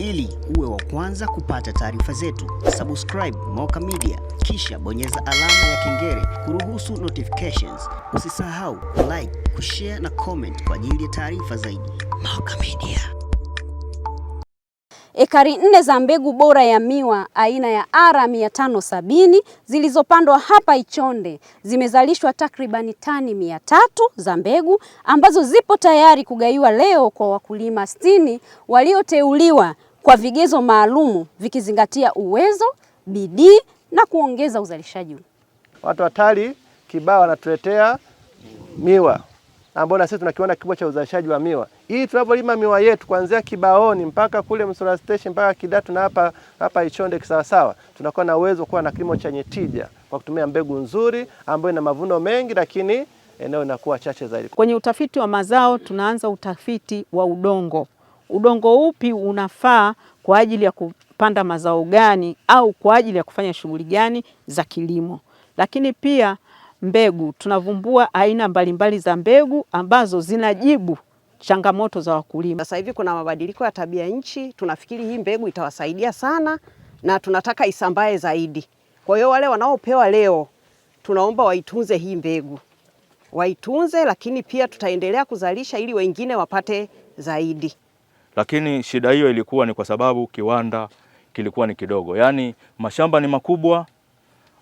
Ili uwe wa kwanza kupata taarifa zetu, subscribe Moka Media, kisha bonyeza alama ya kengele kuruhusu notifications. Usisahau like, kushare na comment kwa ajili ya taarifa zaidi. Moka Media. Ekari nne za mbegu bora ya miwa aina ya R 570 zilizopandwa hapa Ichonde zimezalishwa takribani tani mia tatu za mbegu ambazo zipo tayari kugaiwa leo kwa wakulima sitini walioteuliwa kwa vigezo maalumu vikizingatia uwezo, bidii na kuongeza uzalishaji. Watu hatari kibao wanatuletea miwa ambao na sisi tuna kiwanda kikubwa cha uzalishaji wa miwa. Hii tunapolima miwa yetu kuanzia Kibaoni mpaka kule Msura Station mpaka Kidatu na hapa hapa Ichonde kisawasawa, tunakuwa na uwezo kuwa na kilimo chenye tija kwa kutumia mbegu nzuri ambayo ina mavuno mengi, lakini eneo inakuwa chache zaidi. Kwenye utafiti wa mazao tunaanza utafiti wa udongo udongo upi unafaa kwa ajili ya kupanda mazao gani au kwa ajili ya kufanya shughuli gani za kilimo. Lakini pia mbegu, tunavumbua aina mbalimbali za mbegu ambazo zinajibu changamoto za wakulima. Sasa hivi kuna mabadiliko ya tabia nchi, tunafikiri hii mbegu itawasaidia sana na tunataka isambae zaidi. Kwa hiyo wale wanaopewa leo, tunaomba waitunze hii mbegu, waitunze, lakini pia tutaendelea kuzalisha ili wengine wapate zaidi. Lakini shida hiyo ilikuwa ni kwa sababu kiwanda kilikuwa ni kidogo, yaani mashamba ni makubwa,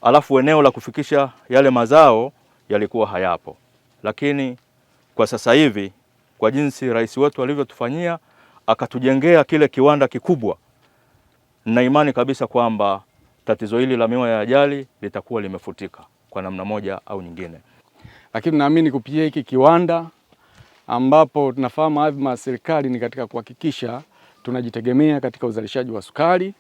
alafu eneo la kufikisha yale mazao yalikuwa hayapo. Lakini kwa sasa hivi, kwa jinsi rais wetu alivyotufanyia, akatujengea kile kiwanda kikubwa, na imani kabisa kwamba tatizo hili la miwa ya ajali litakuwa limefutika kwa namna moja au nyingine. Lakini naamini kupitia hiki kiwanda ambapo tunafahamu azma ya serikali ni katika kuhakikisha tunajitegemea katika uzalishaji wa sukari.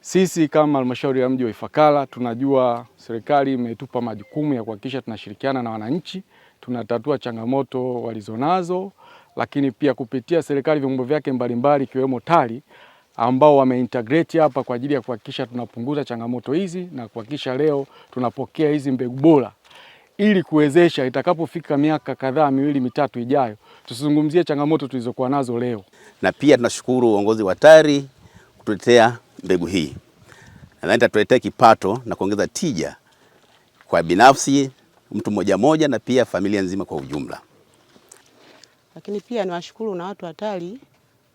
Sisi kama halmashauri ya mji wa Ifakara tunajua serikali imetupa majukumu ya kuhakikisha tunashirikiana na wananchi, tunatatua changamoto walizonazo, lakini pia kupitia serikali vyombo vyake mbalimbali ikiwemo TARI ambao wameintegrate hapa kwa ajili ya kuhakikisha tunapunguza changamoto hizi na kuhakikisha leo tunapokea hizi mbegu bora ili kuwezesha itakapofika miaka kadhaa miwili mitatu ijayo tusizungumzie changamoto tulizokuwa nazo leo. Na pia tunashukuru uongozi wa TARI kutuletea mbegu hii, nadhani tatuletea kipato na kuongeza tija kwa binafsi mtu mmoja mmoja na pia familia nzima kwa ujumla. Lakini pia niwashukuru na watu wa TARI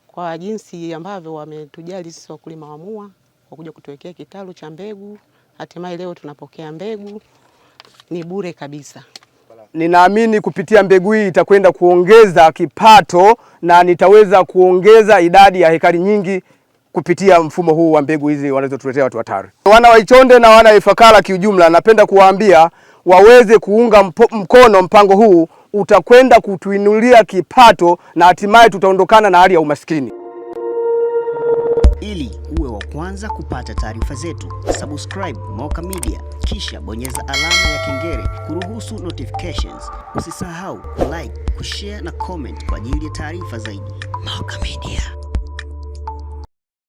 kwa jinsi ambavyo wametujali sisi wakulima wa mua kwa kuja kutuwekea kitalu cha mbegu, hatimaye leo tunapokea mbegu ni bure kabisa. Ninaamini kupitia mbegu hii itakwenda kuongeza kipato na nitaweza kuongeza idadi ya hekari nyingi kupitia mfumo huu wa mbegu hizi wanazotuletea watu Watari. Wana wa Ichonde na wana wa Ifakara kiujumla, napenda kuwaambia waweze kuunga mkono mpango huu, utakwenda kutuinulia kipato na hatimaye tutaondokana na hali ya umaskini kwanza kupata taarifa zetu, subscribe Moka Media, kisha bonyeza alama ya kengele kuruhusu notifications. Usisahau like kushare na comment kwa ajili ya taarifa zaidi. Moka Media.